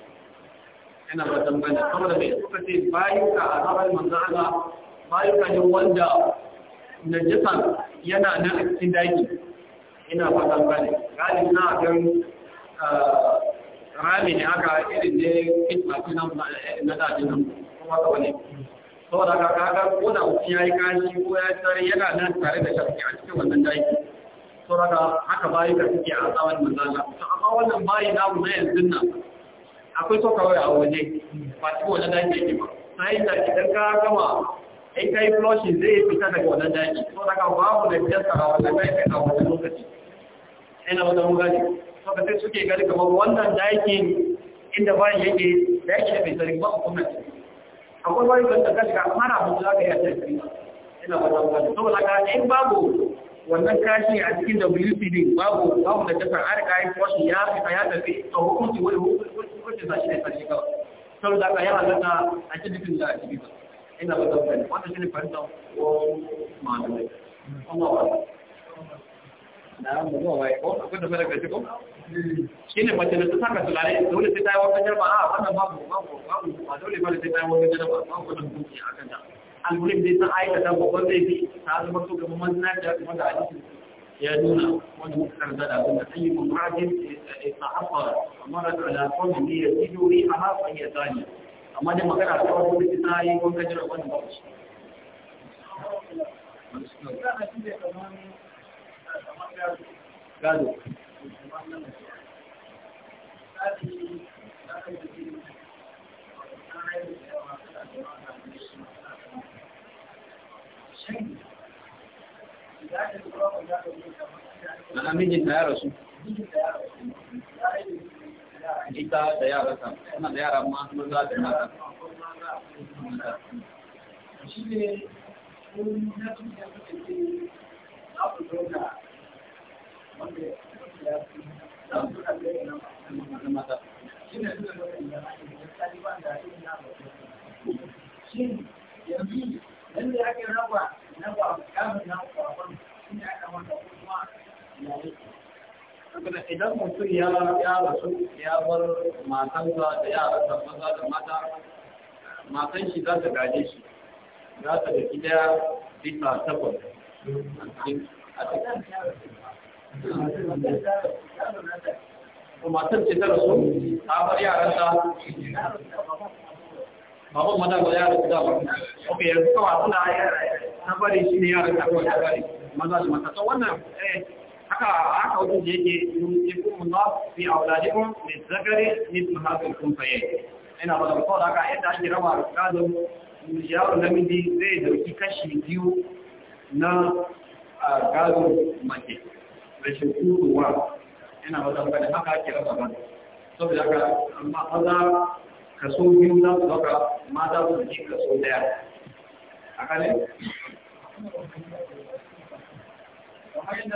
yana ba tambaya saboda mai suka ce bayuka a zamanin manzon Allah bayuka ne wanda najisan yana nan a cikin daji ina ba tambaya galibin na gan eh, rami ne haka irin ne kitma eh, na dajin nan kuma kawai saboda ga kaga ko da mutum ya yi kashi ko ya tare yana nan tare da shafi a cikin wannan daiki. saboda ka haka bayi ka suke a tsawon manzala to amma wannan bayi na mu na yanzu nan akwai so kawai a waje ba cikin wannan daki yake ba yi da idan ka gama in ka yi flushing zai fita daga wannan daiki. saboda ga babu da fiyarsa tsara wannan daiki. a wani lokaci ina wata mugani saboda sai suke gani kamar wannan dakin inda bayan yake daiki da mai tsari ba a kuma cikin akwai wani wanda ka shiga amma za ka yi a tafi ina wata wani in babu wannan kashi a cikin WCD babu babu da tafi har ka yi kwashi ya fita ya tafi a hukunci wani hukunci za shi kashi kawai ka yi a cikin da a cikin ina wata wani shi ne wani shi ne mace da ta saka tulare dole sai ta yi wata jarba a wannan babu babu babu ba dole ba da sai ta yi wata jarba ba ku da hukunci a kanta almulim dai san aikata babban laifi ta zama so gaban manzana da kuma da hadisi
ya nuna wani mukar da da kuma
ayi mumrajin sahaba amma da ala qawmi ne ya tido ri a hafa ya tsani amma da magana ta wani da ta yi wata jarba wannan babu shi gado na mijinta ya rasu ita da yarata suna da yara ma da shi ne idan mutum ya rasu ya bar matansa da yaransa maza da mata matan shi za ta gaje shi za ta da gida bisa takwas a cikin matar ce ta rasu ta bar yaranta baban mata ba yara su dama ok yanzu kawai suna ta bari shi ne yaran ta kawai ta bari maza su mata ta wannan eh, haka haka wajen da yake yunce kuma na fi auladikun mai zakari ne su hakan kun faye ina ba da kawai haka yadda ake raba gado yaro namiji zai dauki kashi biyu na ah, gado mace da kuruwa yana wata ba da haka ake rasa ba saboda haka amma maza kaso biyu za su dauka mata su ji kaso daya a kane zai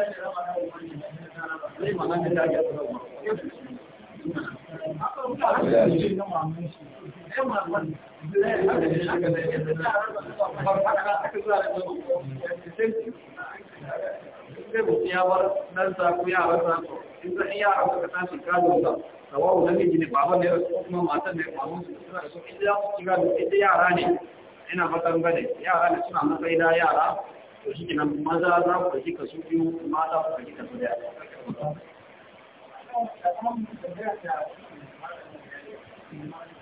da ba sai mutum ya ne baban ne kuma matan ne mamun su suna da su idan su ita yara ne ina fatan gane yara ne suna matsayi da yara to shi kenan maza za ku kashi kasu biyu mata ku kashi kasu daya Thank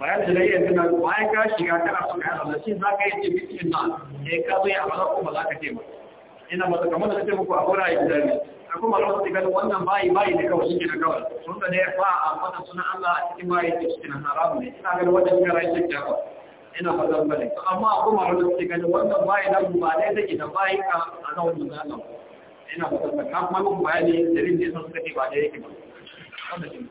bayan da layyar na bayan ka shiga kana so ka yi Allah shi za ka yi ce bikin na ya ka zo ya amala kuma za ka ce ba ina ba kamar da ce muku a wura ya gidari a kuma rawar su gani wannan bayi bayi ne kawai shi ne kawai sun da ne fa a wannan suna Allah a cikin bayi ke cikin haramu ne ina ganin wannan shi rayu cikin jafa ina fadar bane amma a kuma rawar su gani wannan bayi na ba ne take da bayi ka a nan wannan zanen ina fadar bane na kuma muku bayani da rin da sun suka ce ba da yake ba wannan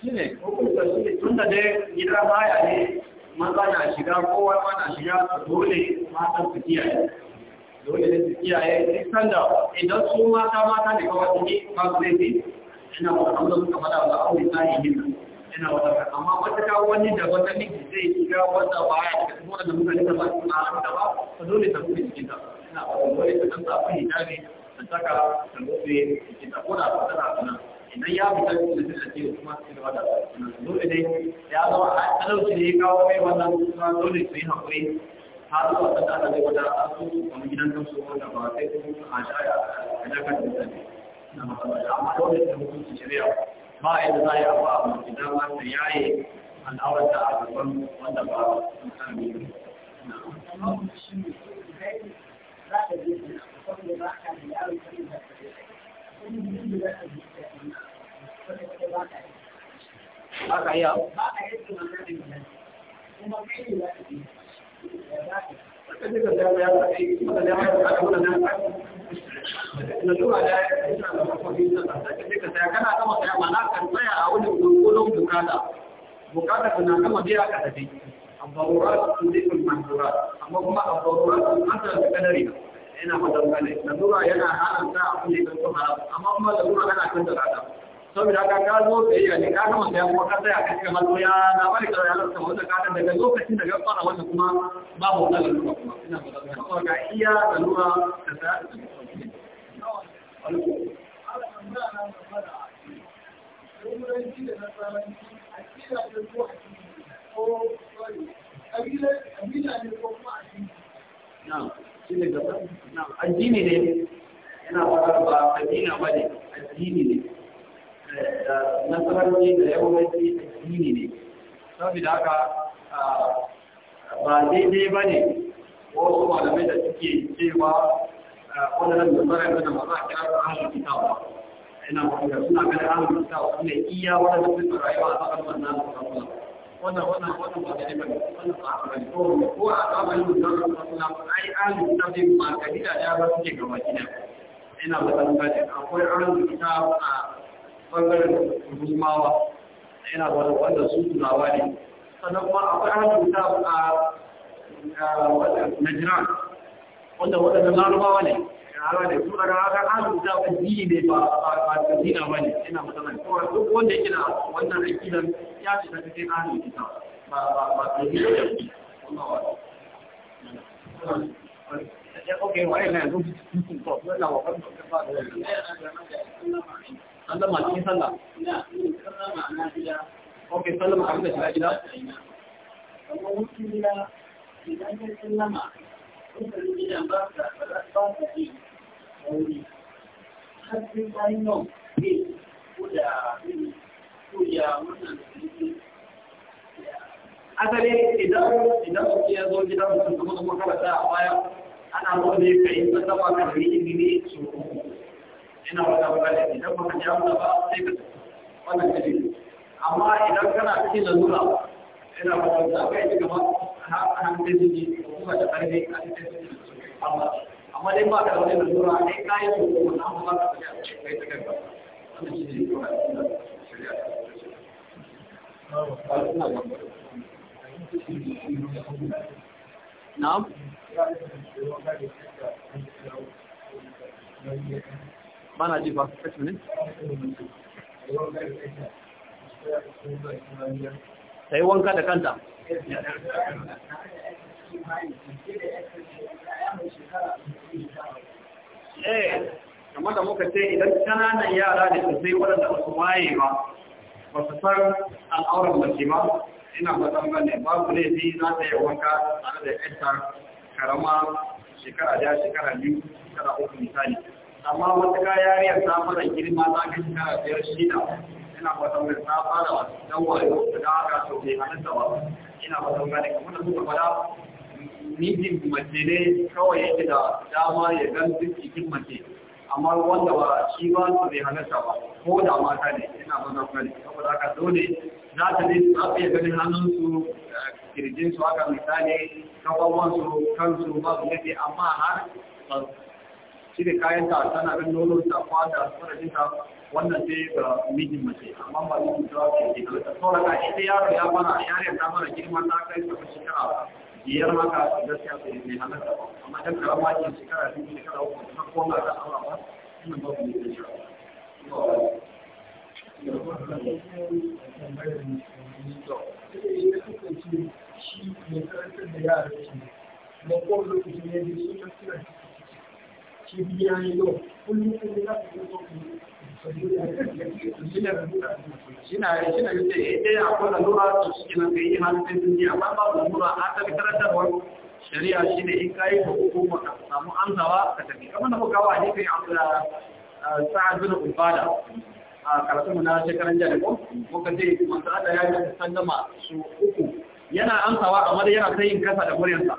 shi ne hukunta shi tun da dai gida baya ne maza na shiga kowa ma na shiga dole matan su kiyaye dole ne su kiyaye duk sanda idan su mata mata ne kawai su ba su laifi ina wata amma suka fada ba a wuri sahi yin ina wata amma matuka wani da wata miki zai shiga wata baya da kuma da mutane da ba su ma'arata ba dole ta kuma cikin ta ina wata dole ta kan zafi hijabi ta saka rufe ta ta koda ba tana sunan idan ya fita da ta ce kuma su gaba da sunan dole ne ya zama a talauci ne ya kawo mai wannan kuma dole su yi haƙuri har zuwa ta ta zai wata a kuma gidan kansu wanda ba sai su a shaya a dakar da mutane amma dole ta hukunci shari'a ba yadda za a yi abu a mafi dama ta yaye al'awar da a gaban wanda ba su kan biyu. Thank you. Aka iya. kama saya mana kan saya awalnya kulung bukada bukada kena kama dia kata ina madarka lalura yana haramta abin da ya zanto amma kuma lalura ana kan da rada saboda ka ka zo ka iya ne ka kama sai kuma ka tsaya ka kama ya na bari ka ya lalata wanda ka da daga lokacin da ka fara wanda kuma babu wannan lalura kuma ina madarka ka iya lalura ka tsaya No. shi addini ne yana fara ba kabila ba ne addini ne da nasararci da yawanci addini ne saboda haka ba daidai ba ne wasu malamai da suke cewa wannan nasarar da masu kira da ina suna ganin ne iya wadanda rayuwa a kan wannan wannan wannan wannan ba da ne bane wannan ba ba ne ko ko a ba ba ne da wannan ai alu ta bi ma ka dida da ba suke ga madina ina ba san ba akwai alu ta a bangaren rumawa ina ba wanda su tunawa ne sannan kuma akwai alu ta a wannan najran wanda wadannan larabawa ne shahara ne su daga haka an rubuta addini ne ba ba addina ba ne ina magana kawai duk wanda yake da wannan aqidan ya shiga ba ba ba addini ba ne Okay, wa'ai na ba su aure har sai bayan nan ne ko asali idan idan ya zo gidan mutum kuma kuma karanta a baya ana zo ne fahimtar da ba karbi ilimi ne su ina wata bukata idan ba ka ji amsa ba sai ka wannan kaji amma idan kana cikin lalura ina wata bukata kai ji gaba a hankali ne kuma da karfi a cikin amma dai ba ka da wani lalura kai kayan su ko wani amma ba ka da ya ce kai ta kai na'am bana ji ba kashi ne sai wanka da kanta eh kamar da muka ce idan kananan yara da su sai waɗanda ba su waye ba ba su san al'auran mace ba ina matan gane babu laifi za ta yi wanka tare da yantar karama shekara daya shekara biyu shekara uku misali amma wata ka yariyar ta fara girma ta ga shekara biyar shida ina matan gane ta fara dan wayo da haka to bai halitta ba ina matan gane kamar da suka fada mijin mace ne kawai yake da dama ya gan cikin mace amma wanda ba shi ba su zai halarta ba ko da mata ne yana maza kuma ne za ka dole za ta ne za su iya ganin hannunsu eh, kirjinsu haka misali kafafuwansu kansu ba su yake amma har shi da kayan ta tana ganin nono ta fata farajin ta wannan sai ga mijin mace amma ba mijin ta ke da saboda haka ita yaro ya fara yare ta fara girma ta kai ta shekara biyar maka gaskiya bai mai halatta ba amma dan ka amma shekara biyu shekara uku ta koma da aura ba ina ba mu da shi shi ne karantar da yara ne na lokacin su ta cibiya ne yau kullum kullum nan yi shari'a shi ne in kayi ka uku ka samu amsawa ka tafi. Kamar na kuka wa ne kai amsa sa'ad bin Ubada a karatun na shekaran jari ko muka ce masu ada ya yi su uku yana amsawa kamar yana sayin kasa da muryansa.